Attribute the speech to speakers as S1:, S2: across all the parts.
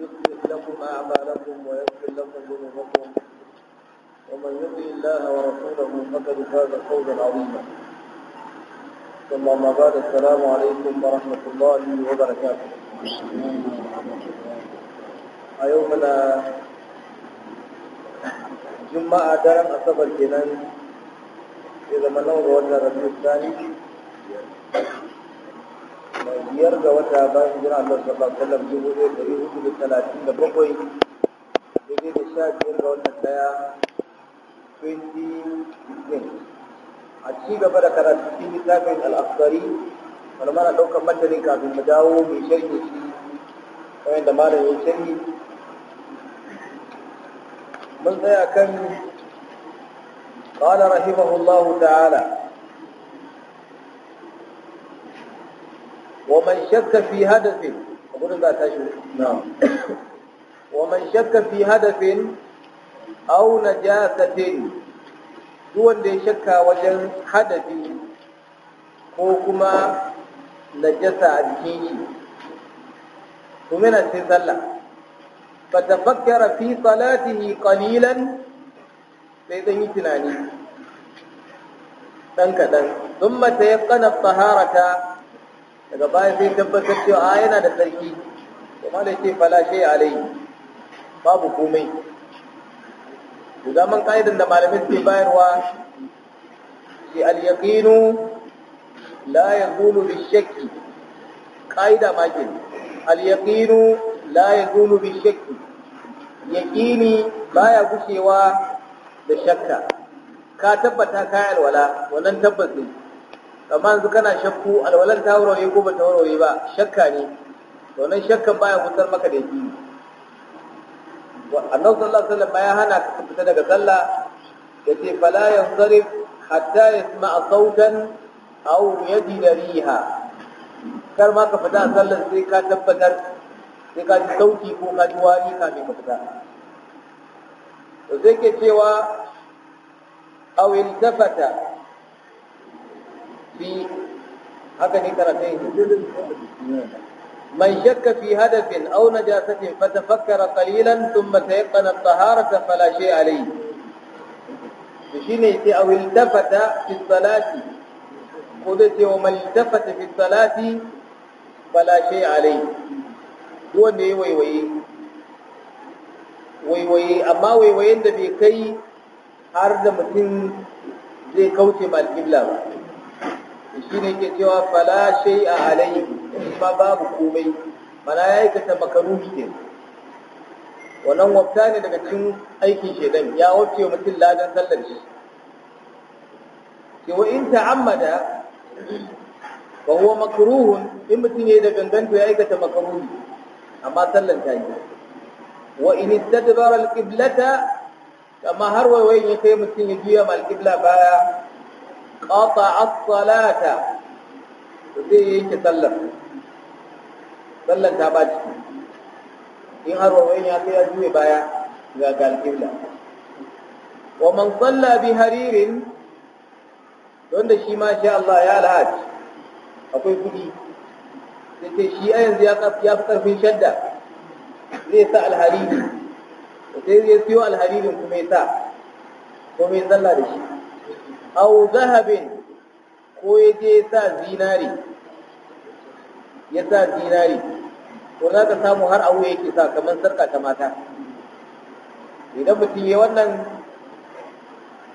S1: يصلح لكم
S2: أعمالكم
S1: ويغفر لكم ذنوبكم ومن يطع الله ورسوله فقد فاز فوزا عظيما ثم ما بعد السلام عليكم ورحمة الله وبركاته يومنا جمعة دارم أصبر كنان إذا منور وجه ربي الثاني biyar ga wata bayan hijira Allah sallallahu alaihi wasallam dubu ɗaya ɗari hudu da talatin da bakwai daidai da sha biyar ga wata ɗaya 2015 a ci gaba da karatu cikin littafin al'asari wani mana ɗaukar matanin kafin mu dawo mai sharhi shi kamar da malam ya sharhi mun tsaya kan قال رحمه الله تعالى wa man shakka fi hadafin a wa man shakka fi hadafin au najasatin duk wanda ya shakka wajen hadafi ko kuma najasa a jikin shi to mena cikin sallah fa tafakkara fi salatihi qalilan sai dan yi tunani dan kadan thumma tayaqqana taharata daga baya sai tabbatar cewa a ah, yana da tsarki ma da ce fala shi alai babu komai to zaman ka'idan da malamai suke bayarwa shi al-yaqinu la bi-shakki ka'ida ma ke al-yaqinu la yazulu bi-shakki yaqini baya gushewa da shakka ka tabbata ka alwala wannan tabbas ne amma yanzu kana shakku alwalar ta warware ko ba ta warware ba shakka ne to nan shakkan baya gusar maka da yaki annabi sallallahu alaihi wasallam ya hana ka fita daga sallah yace fala yansarif hatta yasma'a sautan aw yajida riha kar ma ka fita a sallar sai ka tabbatar sai ka ji sauki ko ka ji wari kafin ka fita to zai ke cewa aw iltafata في haka ne من شك في هدف أو نجاسة فتفكر قليلا ثم تيقن الطهارة فلا شيء عليه شيني أو التفت في الصلاة قدت يوم التفت في الصلاة فلا شيء عليه هو ني وي وي وي وي اما وي وي kai بي da mutum zai kauce ma alƙibla ba shi ne ke cewa fala shai a alayhi ba babu komai mana ya aikata makaruhi ne wannan wafta ne daga cin aikin shaidan ya wace mutum ladan sallar shi ke in ta'ammada wa huwa in mutum yayi da ganganta ya aikata makruhi amma sallar ta yi wa in istadbara al-qiblata kama har wayoyin ya kai mutum ya juya ma baya qata'a salata to zai yanke sallar sallar ta baci in har wawayin ya sai ya juye baya ga galibla wa man salla bi haririn don da shi Allah ya alhaji akwai kudi sai shi a yanzu ya fi sa sai zai siyo sa ko zalla da shi au zahabin ko ya je ya sa zinari ya sa zinari to za ka samu har awo yake sa kamar sarka ta mata idan mutum ya wannan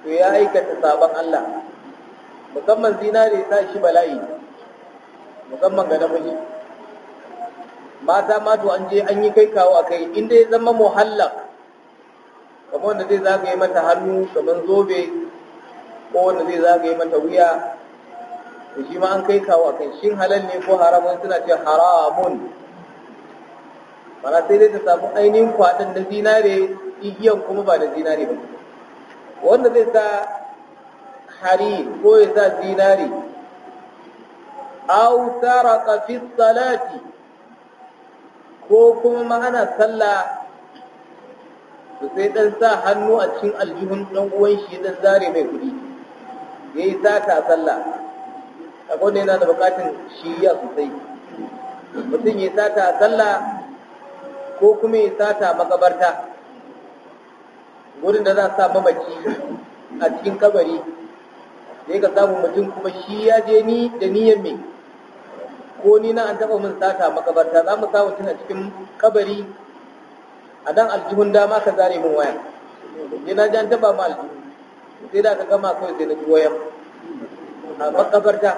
S1: to ya aikata sabon Allah musamman zinari sa shi bala'i musamman ga namiji mata ma to an je an yi kai kawo a kai inda ya zama muhallak kamar wanda zai zagaye mata hannu kamar zobe ko zai zagaye mata wuya da shi ma an kai kawo a kan shin halal ne ko haramun suna ce haramun mana sai dai ta samu ainihin kwaɗin na zinare igiyan kuma ba da zinare ba wanda zai sa hari ko ya sa zinare au saraka fi salati ko kuma ma'ana sallah to sai dan sa hannu a cikin aljihun dan uwan shi dan zare mai kudi ya yi sata a sallah akwai yana da bukatun ya sosai mutum ya yi sata a sallah ko kuma ya yi sata a makabarta wurin da za a sa mamaki a cikin kabari da ya samu mutum kuma shi ya je ni da niyan me ko ni na an taɓa min sata makabarta za mu samu mutum a cikin kabari a dan aljihun dama ka zare min waya Yana na ji an taɓa ma aljihu sai da aka gama kawai sai na wayan a makabarta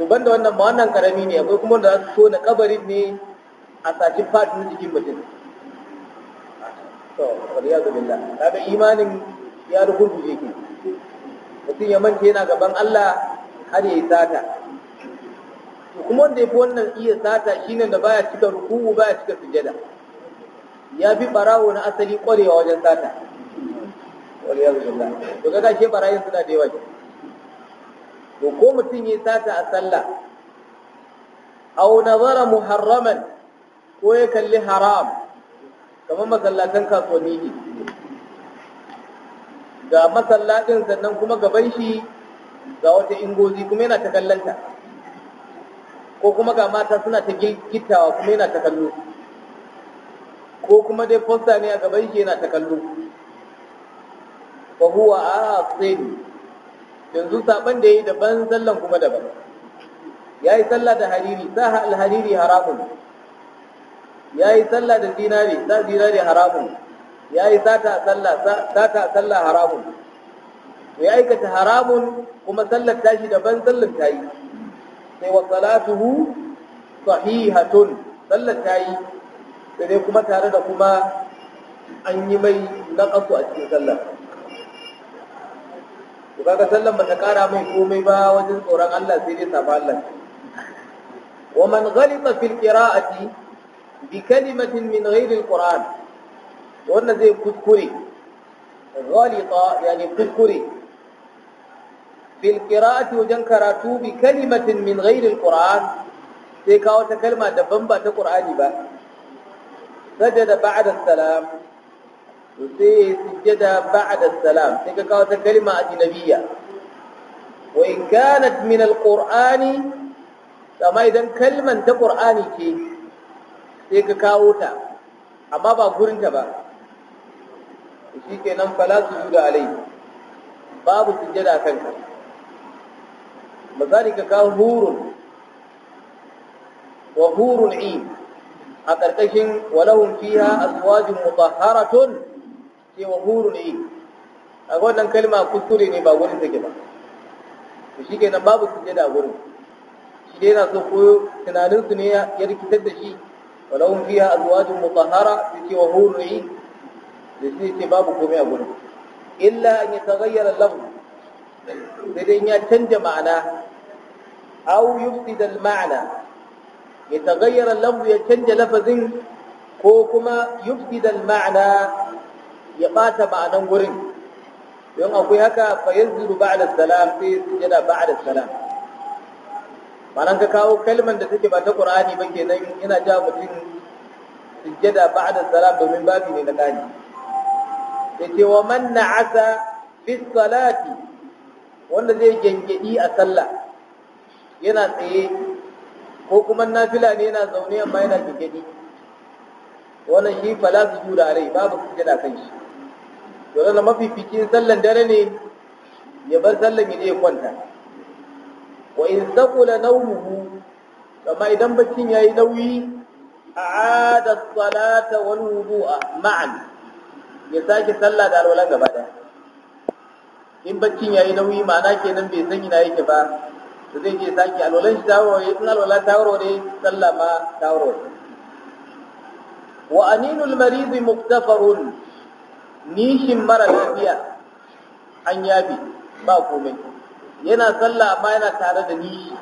S1: to ban da wannan ma wannan karami ne akwai kuma da za su so na kabarin ne a saci fat na jikin mutum to waliyadu da kaga imanin ya rubuce ke mutum ya manta yana gaban Allah har ya yi sata To kuma wanda ya fi wannan iya sata shine da baya cika ruku'u baya cika sujada ya fi barawo na asali kwarewa wajen sata to kaga ke barayin suna da yawa to ko mutum yi sata a sallah aw nazara muharraman ko ya kalli haram kamar masallatan kasuwanni ne ga masallacin sannan kuma gaban shi ga wata ingozi kuma yana ta kallanta ko kuma ga mata suna ta gittawa kuma yana ta kallo ko kuma dai fosta ne a gaban shi yana ta kallo wa huwa asin yanzu saban da yayi daban sallan kuma daban yayi sallah da hariri sa al-hariri haramun yayi sallah da dinari sa dinari haramun yayi sata sallah sata sallah haramun ya aikata haramun kuma sallar tashi daban sallar tayi sai wa salatuhu sahihatun sallar tayi sai kuma tare da kuma an yi mai naqasu a cikin sallar to kaga sallan ba ta kara min komai ba wajen tsoron Allah sai dai saba Allah wa man ghalita fil qira'ati bi kalimatin min ghairi al-Qur'an wanda zai kuskure ghalita yani kuskure fil qira'ati wajen karatu bi kalimatin min ghairi al-Qur'an sai kawo ta kalma daban ba ta Qur'ani ba sajada ba'da salam to sai ya yi sujjada ba'da salam sai ka kawo ta kalma ajnabiyya wa in kanat min alqur'ani amma idan kalman ta qur'ani ce sai ka kawo ta amma ba gurin ta ba Shi ke nan fala da alai babu sujjada kanka misali ka kawo hurun wa hurun in a ƙarƙashin walahun fiha azwajun mutahharatun shi mahuru ne a kalma kuskure ne ba gudun take ba da shi kenan babu su je da shi dai na koyo tunaninsu ne ya rikitar da shi walawun fiya a zuwa jin mutahara su ce mahuru ne da shi ce babu komai a gudun illa an yi tsagayyar lafu sai dai ya canja ma'ana au yufi da ma'ana ya tsagayyar lafu ya canja lafazin ko kuma yufi da ma'ana ya bata ma'anan wurin don akwai haka fa yanziru ba'da salam sai sujada ba'da salam malan ka kawo kalman da take ba ta qur'ani ba kenan yana ja mutum sujada ba'da salam domin ba ne na gani yace wa man na'asa fi salati wanda zai gengedi a sallah yana tsaye ko kuma nafila ne yana zaune amma yana gengedi wannan shi fala su jura rai babu sujada kan shi to zan mafificin sallan dare ne ya bar sallan ya je kwanta wa in saqula nawmuhu kama idan baccin yayi nauyi a'ada salata wal wudu'a ma'an ya sake sallah da alwalan gaba daya in baccin yayi nauyi ma'ana kenan bai san ina yake ba to zai je sake alwalan shi tawaro in alwala tawaro ne sallah ma tawaro wa aninul marid muktafarun nishin mara lafiya an yafe ba komai yana sallah amma yana tare da nishi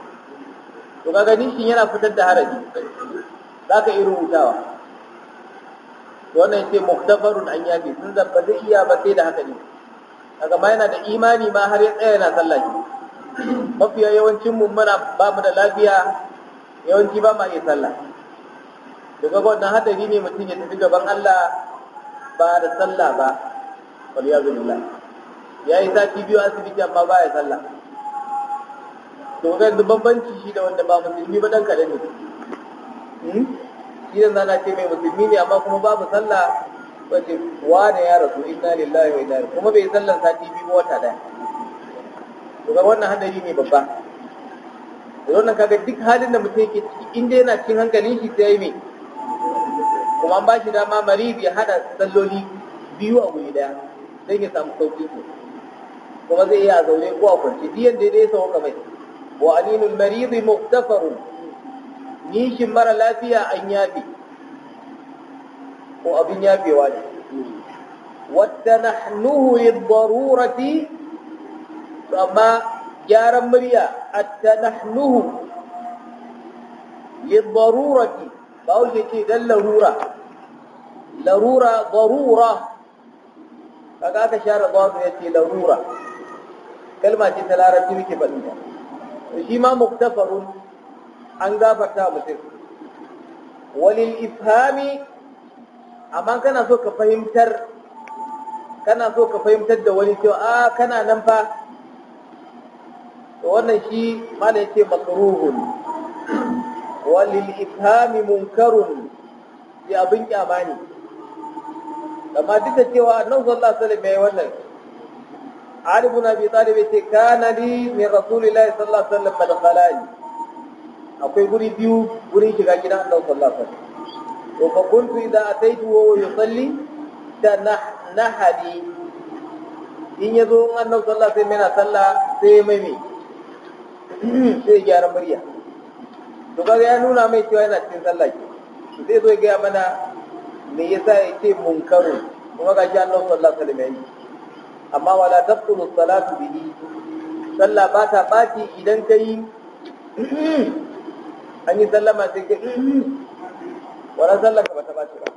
S1: to kaga nishin yana fitar da haraji za ka iya rubutawa to wannan ce muktafarun an yafe sun ba zai iya ba sai da haka ne kaga ma yana da imani ma har ya tsaya yana sallah shi mafiya yawancin mu muna ba mu da lafiya yawanci ba ma iya sallah Daga wannan hadari ne mutum ya tafi gaban Allah ba da sallah ba wal ya billah ya yi sati biyu asibiti amma ba ya sallah to ga yanzu bambanci shi da wanda ba musulmi ba dan kadan ne hmm? shi da zana ce mai musulmi ne amma kuma babu sallah wa ne ya rasu inna lillahi wa inna kuma bai sallan sati biyu wata daya to ga wannan hadari ne babba da wannan kaga duk halin da mutum yake ciki in dai yana cikin hankalin shi sai mai kuma an ba shi dama marid ya hada salloli biyu a guri daya zai ya samu sauki ko kuma zai iya zaune ko a kwance diyan da dai sauka mai wa aninul marid muktafarun nishin mara lafiya an yafi ko abin yafewa ne wata nahnuhu lidarurati amma gyaran murya atta nahnuhu lidarurati ba wuce ce dan larura larura darura kaga aka share dadu ya ce larura kalma ce ta larabci muke faɗin ta shi ma muktafarun an gafarta mutum walil ifhami amma kana so ka fahimtar kana so ka fahimtar da wani cewa a ah, kana nan fa to wannan shi mala ce makruhun walil ifhami munkarun ya abin kyama ne amma duk da cewa annabi sallallahu alaihi wasallam yayi wannan Ali ibn Abi Talib yace kana li min rasulillahi sallallahu alaihi wasallam madkhalani akwai guri biyu guri shiga gidan Allah sallallahu alaihi wasallam wa fa kuntu idza ataitu wa yusalli nahadi in ya zo annabi sallallahu alaihi wasallam yana sallah sai mai mai sai gyara murya to kaga ya nuna mai cewa yana cikin sallah ke zai zo ya mana me yasa yace munkaru kuma ga shi Allah sallallahu alaihi wasallam amma wala tabtulu salatu bihi sallah ba ta baci idan kai an yi sallama sai kai wannan sallar ka ba ta baci ba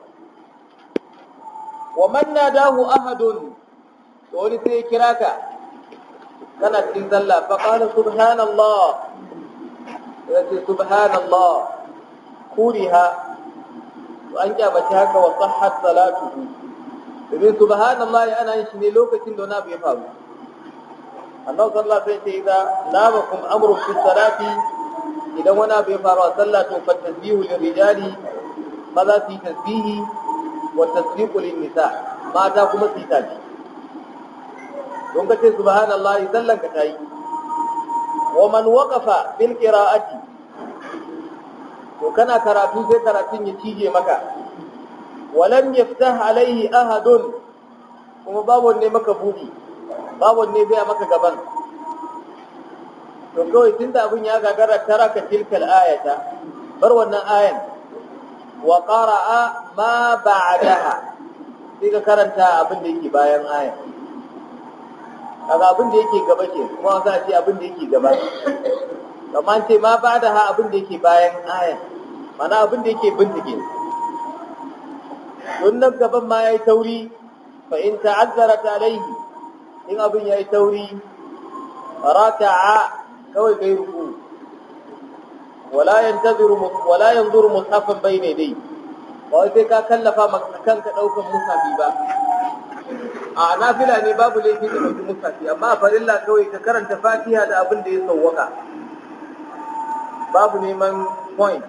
S1: wa man nadahu ahadun to wani sai ya kira ka kana cikin sallah fa qala subhanallah ya ce subhanallah kuriha an kyabaci haka wa sahhat salatuhu domin subhanallahi ana yin shi ne lokacin da wani abu ya faru annabi sallallahu alaihi wasallam sai idza labakum amru fi salati idan wani abu ya faru a sallah to fa tasbihu lil rijali maza su yi tasbihi wa tasbiqu lin nisa mata kuma su yi tabi don ka ce subhanallahi sallan ka tayi wa man waqafa bil qira'ati to kana karatu sai karatun ya cije maka walam yaftah alaihi ahadun kuma babu ne maka buri babu ne zai maka gaban to kawai tunda abin ya gagara ka tilkal ayata bar wannan ayan wa qara'a ma ba'daha sai ka karanta abin da yake bayan ayan kaga abin da yake gaba ke kuma za a ce abin da yake gaba kamar ce ma ba da ha abin da yake bayan ayan mana abin da yake bintike don nan gaban ma ya yi tauri fa in ta'azzara alaihi in abin ya yi tauri rata'a kawai kai ruku wala yantaziru wala yanzuru mushafan bayna dai? ba wai sai ka kallafa maka kanka daukan musafi ba a nafila ne babu laifi da mutum musafi, amma a farilla kawai ka karanta fatiha da abin da ya sawwaka babu neman point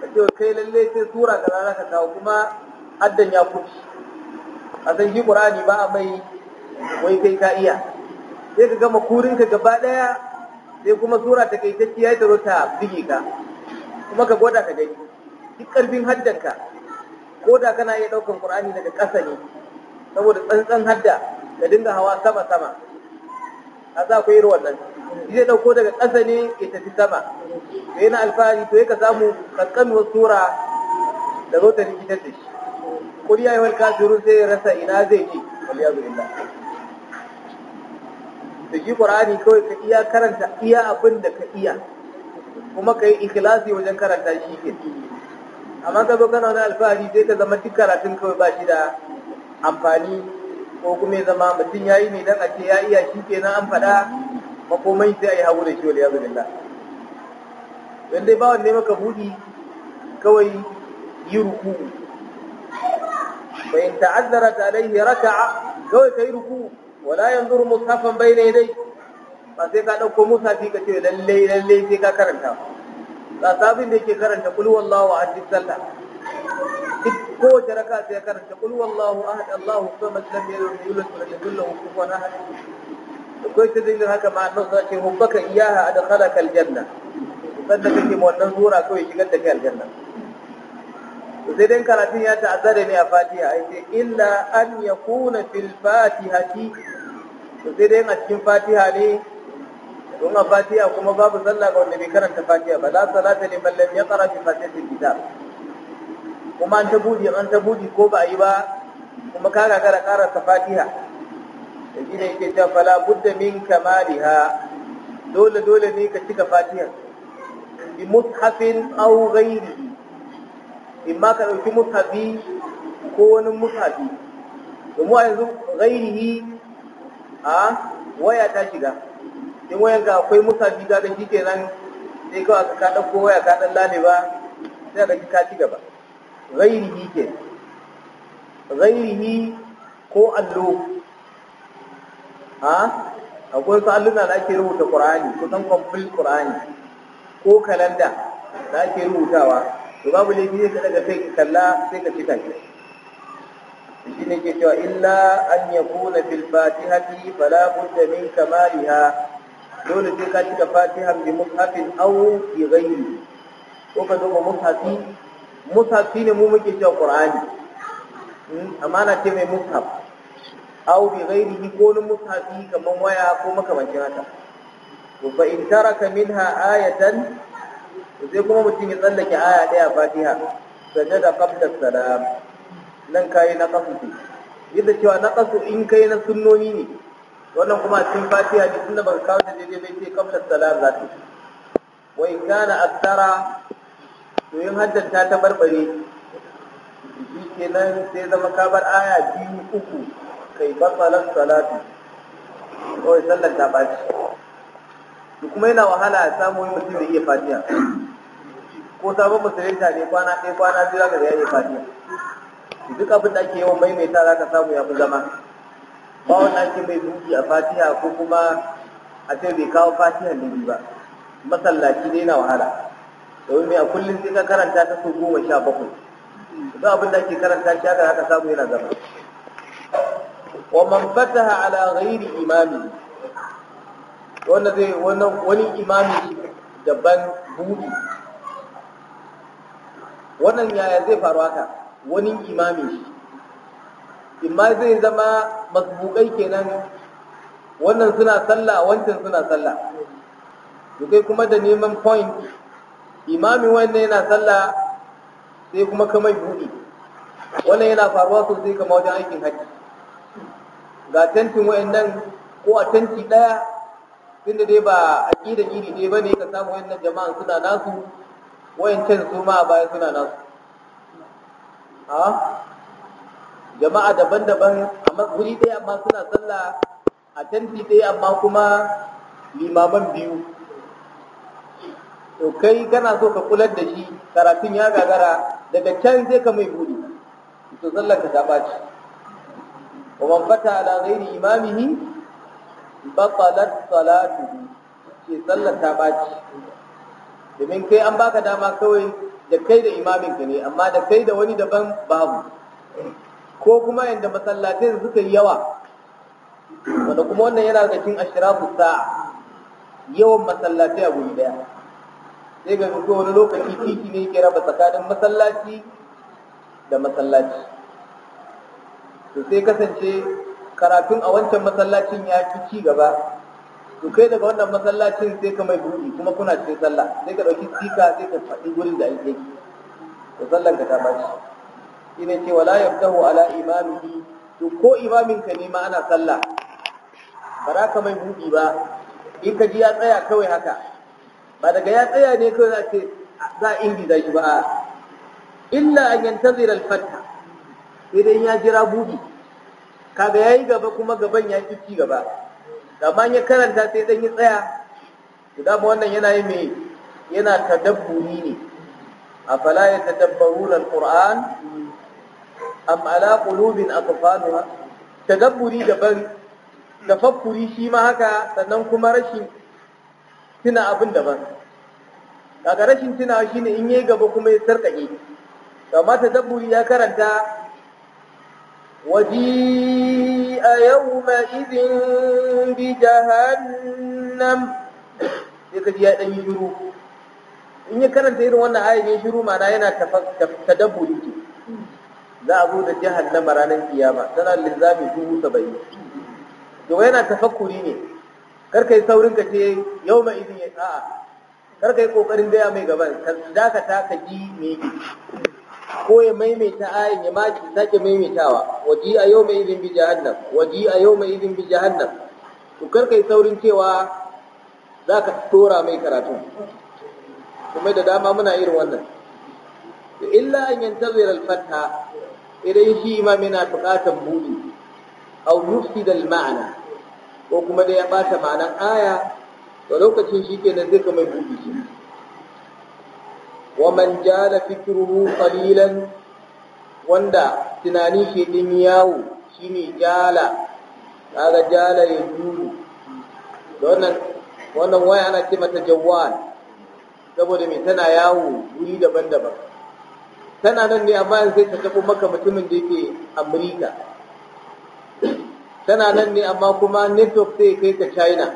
S1: ka ce kai lalle sai sura ka za ka kawo kuma addan ya kuci a san shi qur'ani ba a mai wai kai ka iya sai ka gama kurin ka gaba daya sai kuma sura ta kai tacciya ta zo ta bige ka kuma ka gwada ka gani duk ƙarfin haddanka ko da kana iya ɗaukan qur'ani daga ƙasa ne saboda tsantsan hadda ka dinga hawa sama sama a za ku yi wannan zai dauko daga ƙasa ne ya tafi sama da yana alfahari to yaka samu kankanuwar tura da zo ta rikitar da shi kuri ya yi wal kafiru sai ya rasa ina zai je wal yazu da shi qur'ani kawai ka iya karanta iya abin da ka iya kuma ka yi ikhlasi wajen karanta shi ke amma ka zo kana wani alfahari sai ka zama duk karatun kawai ba shi da amfani ko kuma ya zama mutum ya yi ne dan a ce ya iya shi kenan an faɗa makomai sai a yi hagu da shi wani yazu billah dan dai bawan ne maka buɗi kawai yi ruku fa in ta'azzarat alayhi raka'a kawai ka yi ruku wala yanzuru bai ne dai. ba sai ka dauko mushafi ka ce lalle lalle sai ka karanta ba sabin da yake karanta kul wallahu ahad sallah duk kowace raka sai ya karanta kul wallahu ahad Allahu samad lam yalid wa lam yakul lahu kufuwan ahad akwai ta dalilin haka ma annabi sallallahu alaihi wasallam baka iyaha adkhalaka aljanna sanda kake mu wannan sura kawai shigar da kai aljanna sai dai karatun ya ta'azzara ne a fatiha ai sai illa an yakuna fil fatihati sai dai a cikin fatiha ne don a fatiha kuma babu sallah ga wanda bai karanta fatiha ba la salata liman lam yaqra bi fatihatil kitab kuma an ta buji an ta buji ko ba yi ba kuma ka ga gagara karanta fatiha da yake cewa fala budda min kamaliha dole dole ne ka cika fatiha bi mushafin aw ghairihi imma ka dauki mushafi ko wani mushafi domin a yanzu ghairihi a waya ta shiga in wayan ga akwai mushafi ga kike nan, sai ka ka dauko waya ka dan lalewa sai ka ka ci gaba ghairihi ke ghairihi ko allo ha akwai wasu alluna da ake rubuta qur'ani kusan complete ƙur'ani, ko kalanda da ake rubutawa to babu laifi sai ka daga sai ka kalla sai ka cika shi shi ne ke cewa illa an yakuna fil fatihati fala budda min kamaliha dole sai ka cika fatiha bi mushafin aw bi ghairi ko ka duba mushafi mushafi ne mu muke cewa qur'ani hmm? amana ce mai mushaf aw bi ghairihi ko wani mushafi kaman waya ko makamancin haka to fa in taraka minha ayatan sai kuma mutum ya tsallake aya daya fatiha da qabla salam nan kai na ne. yadda cewa na kasu in kai na sunnoni ne wannan kuma cikin fatiha ne tunda ba kawo da daidai bai sai qabla salam za ta wa in kana aktara to in haddanta ta barbare shi kenan sai zama kabar aya biyu uku kai batsalar salatu kawai sallar ta ɓaci duk kuma yana wahala ya samu yi mutum da iya fatiya ko sabon musulunta ne kwana ɗaya kwana biyu zaka ya iya fatiya duk abin da ake yawan maimaita za ka samu ya fi zama ba wanda ake mai duki a Fatiya ko kuma a ce bai kawo fatiya ne ba masallaci ne na wahala domin mai a kullum sai ka karanta ta sau goma sha bakwai duk abin da ake karanta shi haka za samu yana zama wa man fataha ala ghairi imami wanda zai wani imami daban buɗi wannan yaya zai faru haka wani imami shi imma zai zama masbukai kenan wannan suna sallah wancan suna sallah to kai kuma da neman point imami wannan yana sallah sai kuma kamar buɗi wannan yana faruwa sosai kamar wajen aikin hajji ga tantin wayannan ko a tanti ɗaya tunda dai ba aƙidan iri ɗaya ba ne ka samu wayannan jama'an suna nasu wayancan su ma a baya suna nasu ha jama'a daban-daban amma guri dai amma suna sallah a tanti ɗaya amma kuma limaman biyu to kai kana so ka kular da shi karatun ya gagara daga can zai ka mai buri to sallar ka ta baci wa man fata ala ghairi imamihi batalat salatuhu sallar baci domin kai an baka dama kawai da kai da imamin ka ne amma da kai da wani daban babu ko kuma yadda masallatai suka yi yawa wanda kuma wannan yana daga cikin ashrafu sa'a yawan masallatai a guri daya sai ga wani lokaci titi ne ke raba tsakanin masallaci da masallaci to sai kasance karatun a wancan masallacin ya fi ci gaba to kai daga wannan masallacin sai ka mai buɗi kuma kuna cikin sallah sai ka ɗauki sika sai ka faɗi gurin da ake to sallan ka ta bashi Ina ce wala yaftahu ala imamihi to ko imamin ka ne ma ana sallah ba za ka mai buɗi ba in ka ji ya tsaya kawai haka ba daga ya tsaya ne kawai za ce za a ingiza shi ba illa an yantazira alfatta fath sai dai ya jira buɗi kaga yayi gaba kuma gaban ya ci gaba amma ya karanta sai dan yi tsaya to ba wannan yana yi mai yana tadabburi ne A fala ya yatadabbaruna alquran am ala qulubin aqfaluha tadabburi daban tafakkuri shi ma haka sannan kuma rashin tuna abin daban kaga rashin tunawa shine in yayi gaba kuma ya sarkake amma tadabburi ya karanta وجيء يومئذ بجهنم sai ka ji ya ɗan yi shiru in ya karanta irin wannan ayin ya shiru ma'ana yana tadabburi ke za a zo da jahannama ranar kiyama tana linzami dubu saba'in to yana tafakkuri ne kar kai saurin ka ce yau ma izin ya a'a kar kai kokarin gaya mai gaban ka dakata ka ji me yake ko ya maimaita ayin ya maki sake maimaitawa waji a yau mai izin bi jahannam waji a yau mai izin bi jahannam to kar yi saurin cewa za ka tora mai karatu kuma da dama muna irin wannan Da illa an yanta zuwa alfata, idan shi imam yana buƙatar budi aw yufsid da ma'ana. ko kuma da ya bata ma'anan aya to lokacin shi ke nan zai ka mai budi shi ومن جال فكره قليلا وندا تناني شي دين yawo shine jala kaga jala ya juru wannan wannan waya ana ce mata jawwal saboda me tana yawo wuri daban-daban tana nan ne amma sai ta tafi maka mutumin da yake Amurika. tana nan ne amma kuma network sai kai ka China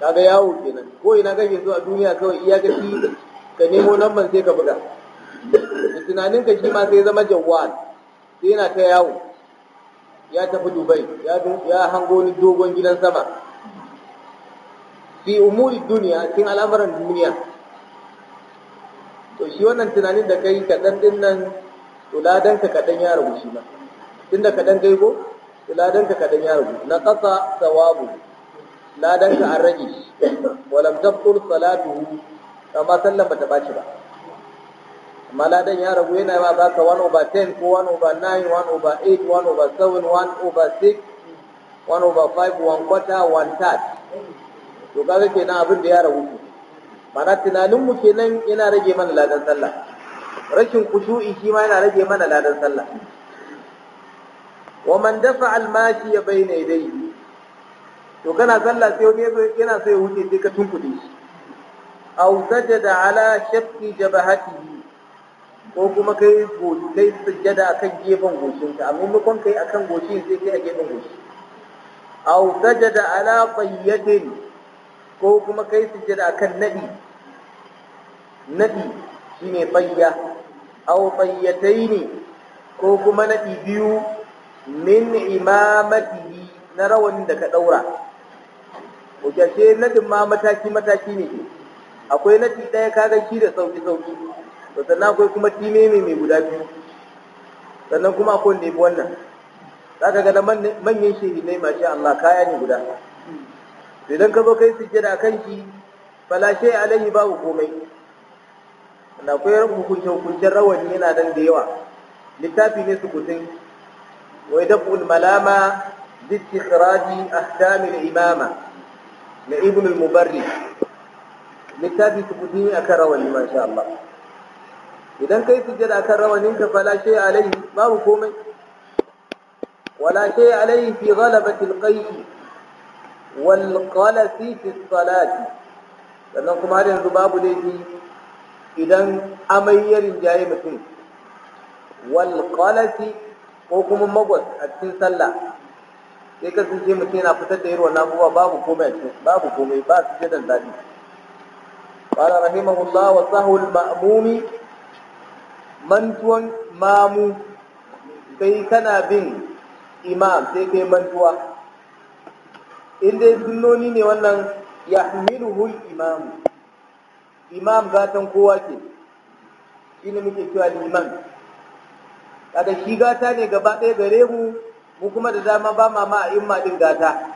S1: kaga yawo kenan ko ina kake zuwa duniya kawai iyakaci ka nemo lamban sai ka buga da tunanin ka shi ma sai zama jawwal sai yana ta yawo ya tafi dubai ya hango ni dogon gidan sama fi umuri duniya cikin al'amuran duniya to shi wannan tunanin da kai kaɗan ɗin nan to ka kaɗan ya rabu shi ma tunda kaɗan kai ko to ka kaɗan ya rabu na ƙasa sawabu ladan ka an rage walam tabtur salatuhu amma sallan bata baci ba amma ladan ya ragu yana ba baka 1 over 10 ko 1 over 9 1 over 8 1 over 7 1 over 6 1 over 5 1 quarter 1 third to kaga kenan abin da ya ragu mana tunanin mu kenan yana rage mana ladan sallah rashin kushu'i shi ma yana rage mana ladan sallah wa man dafa almashi ya bayyana dai to kana sallah sai wani yana sai wuce sai ka tunkuɗe shi aw sajada ala shakki jabahatihi ko kuma kai kai sujjada akan gefen goshinka a maimakon kai akan goshi sai kai a gefen goshi aw sajada ala qayyatin ko kuma kai sujjada akan nadi nadi shine qayya aw qayyataini ko kuma nadi biyu min imamatihi na rawanin da ka ɗaura? ko ce nadin ma mataki mataki ne akwai nafi ɗaya kaga shi da sauki sauki to sannan akwai kuma ne mai guda biyu sannan kuma akwai ne wannan zaka ga manyan shehidai masha Allah kaya ne guda to idan ka zo kai sujjada kan shi falashe ba babu komai da akwai hukunce hukuncen rawani yana nan da yawa littafi ne su kutin wa yadful malama bi istikhraji ahkam al-imama na ibn al-mubarri littafi tukudi ne akan rawani masha Allah idan kai sujjada akan rawanin ka fala shay alaihi babu komai wala shay alaihi fi ghalabati alqayy wal qalasi fi salati sannan kuma har yanzu babu laifi idan amai ya rinjaye mutum wal qalasi ko kuma magwas a cikin sallah sai ka kasance mutum yana fitar da irin wannan abubuwa babu komai babu komai ba su jadan zafi قال رحمه الله وسهو المأموم mantuwan mamu sai kana bin imam sai kai mantuwa in dai sunnoni ne wannan ya hamiluhul imamu imam gatan kowa ke shi kada shi gata ne gaba ɗaya gare mu mu kuma da dama ba ma ma a imma ɗin gata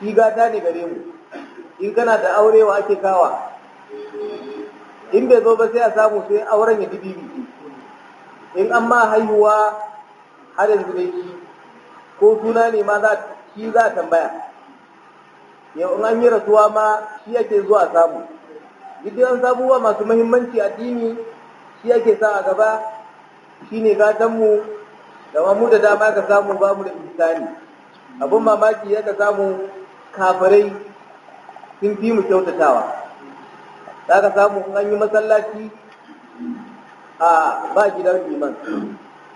S1: shi gata ne gare mu in kana da aure wa ake kawa in bai zo ba sai a samu sai auren ya dibi biki in an ma haihuwa har yanzu dai shi ko suna ne ma za shi za a tambaya yau in an yi rasuwa ma shi ake zuwa samu gidan sabuwa masu muhimmanci addini shi ake sa a gaba shi ne gatanmu da mu da dama ka samu ba mu da isani abin mamaki ya ka samu kafirai sun fi mu kyautatawa za ka samu an yi masallaci a ba gidan liman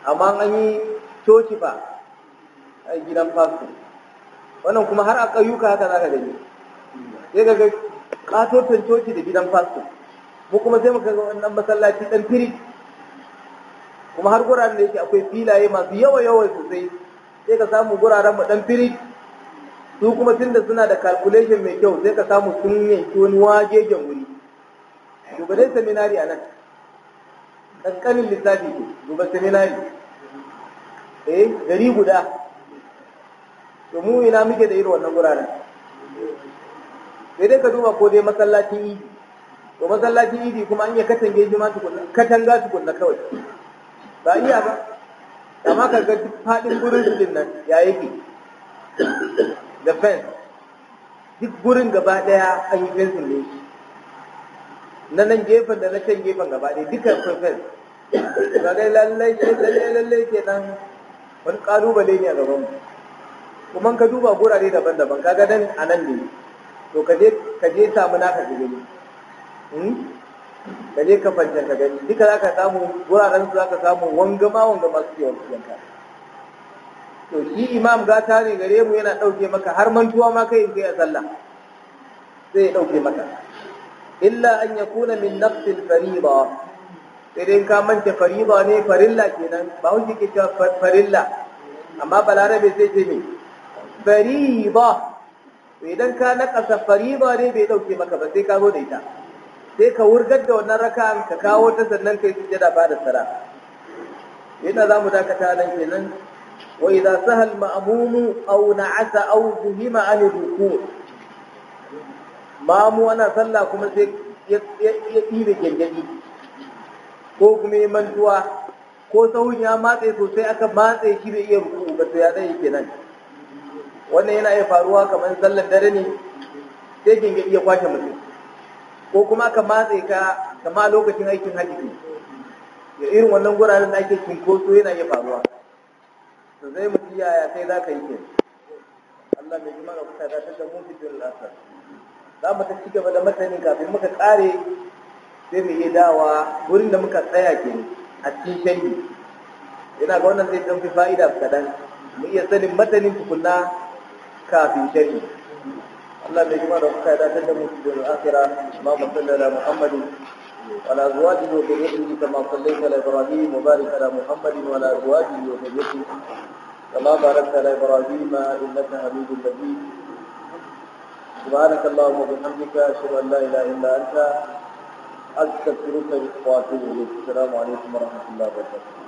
S1: amma an yi coci ba a gidan fasto wannan kuma har a ƙauyuka haka za ka gani sai ka ga ƙatoton coci da gidan fasto mu kuma sai muka ga wannan masallaci ɗan firi kuma har guraren da yake akwai filaye masu yawa yawa sosai sai ka samu guraren mu ɗan firi su kuma tunda suna da calculation mai kyau sai ka samu sun yanki wani wagegen wuri duba seminari a nan ƙanƙanin lissafi ne duba seminari eh gari guda to mu ina muke da irin wannan wuraren sai dai ka duba ko dai masallacin idi to masallacin idi kuma an iya katange shi ma tukunna katanga tukunna kawai ba iya ba amma ka ga faɗin gurin su din nan ya yake da fence duk gurin gaba daya an yi fencing ne na nan gefen da na can gefen gaba daya dukkan akwai fence ga dai lallai lallai lallai nan wani kalubale ne a gaban mu kuma ka duba gurare daban-daban kaga nan a nan ne to ka je ka je samu naka ka gani hmm? ka je ka fanta ka gani duka za ka samu guraren su za ka samu wangama wangama suke wasu yanka to shi imam gata ne gare mu yana ɗauke maka har mantuwa ma kai kai a sallah sai ya ɗauke maka illa an ya kuna min nafsil fariba sai dai ka manta fariba ne farilla kenan ba wuce ke cewa farilla amma balarabe sai ce me fariba idan ka naƙasa fariba ne bai ɗauke maka ba sai ka zo da ita sai ka wurgar da wannan raka'an ka kawo ta sannan kai sujjada ba da sara Ina za mu dakata nan kenan وإذا سهى المأموم أو نعس أو ذهب عن الركوع mamu ana sallah kuma sai ya tsira gyangyaɗi ko kuma ya mantuwa ko sauyin ya matse sosai aka matse shi bai iya ruku ba to ya zai yake nan wannan yana iya faruwa kamar sallar dare ne sai gyangyaɗi ya kwashe mutum ko kuma aka matse ka kama lokacin aikin hajji ya irin wannan guraren da ake cinkoso yana iya faruwa to zai mu yi yaya kai za ka yi ke Allah mai jima ga kusa ta da mun fitin asar za mu ta cigaba gaba da matsayin kafin muka kare sai mu yi dawa wurin da muka tsaya ke a cikin shangi yana ga wannan zai ɗan fi fa'ida kaɗan mu iya sanin matanin tukunna kafin shangi Allah mai jima ga kusa ta da mun fitin asira ma mu sallala Muhammadu على أزواج وذريته كما صليت على إبراهيم وبارك على محمد وعلى أزواجه وذريته كما باركت على إبراهيم إنك حميد مجيد سبحانك اللهم وبحمدك أشهد أن لا إله إلا أنت
S2: أستغفرك وأتوب إليك السلام عليكم ورحمة الله وبركاته